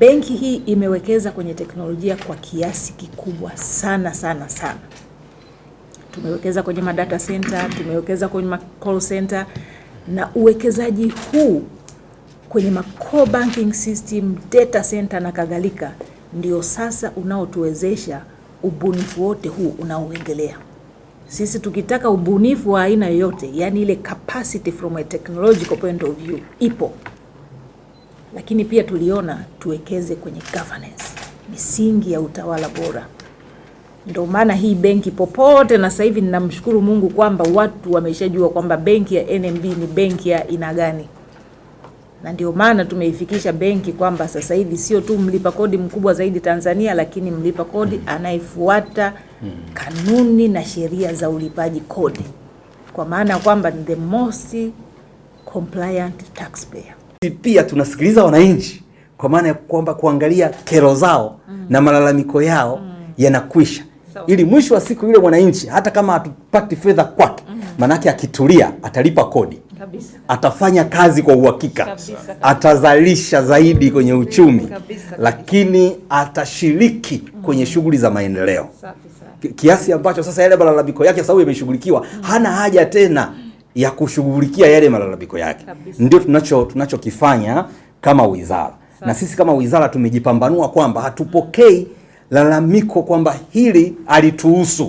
Benki hii imewekeza kwenye teknolojia kwa kiasi kikubwa sana sana sana. Tumewekeza kwenye madata center, tumewekeza kwenye call center, na uwekezaji huu kwenye core banking system, data center na kadhalika, ndio sasa unaotuwezesha ubunifu wote huu unaoendelea. Sisi tukitaka ubunifu wa aina yoyote, yani ile capacity from a technological point of view ipo lakini pia tuliona tuwekeze kwenye governance, misingi ya utawala bora. Ndio maana hii benki popote, na sasa hivi ninamshukuru Mungu kwamba watu wameshajua kwamba benki ya NMB ni benki ya aina gani, na ndio maana tumeifikisha benki kwamba sasa hivi sio tu mlipa kodi mkubwa zaidi Tanzania, lakini mlipa kodi anayefuata hmm. kanuni na sheria za ulipaji kodi, kwa maana kwamba the most compliant taxpayer. Sisi pia tunasikiliza wananchi kwa maana ya kwamba kuangalia kero zao mm. na malalamiko yao mm. yanakwisha so, ili mwisho wa siku yule mwananchi hata kama hatupati fedha kwake mm. manake akitulia atalipa kodi kabisa. Atafanya kazi kwa uhakika Atazalisha zaidi kwenye uchumi kabisa, kabisa. Lakini atashiriki mm. kwenye shughuli za maendeleo kiasi ambacho sasa yale malalamiko yake sababu yameshughulikiwa mm. hana haja tena mm ya kushughulikia yale malalamiko yake. Ndio tunacho tunachokifanya kama wizara Sa. Na sisi kama wizara tumejipambanua kwamba hatupokei lalamiko kwamba hili alituhusu.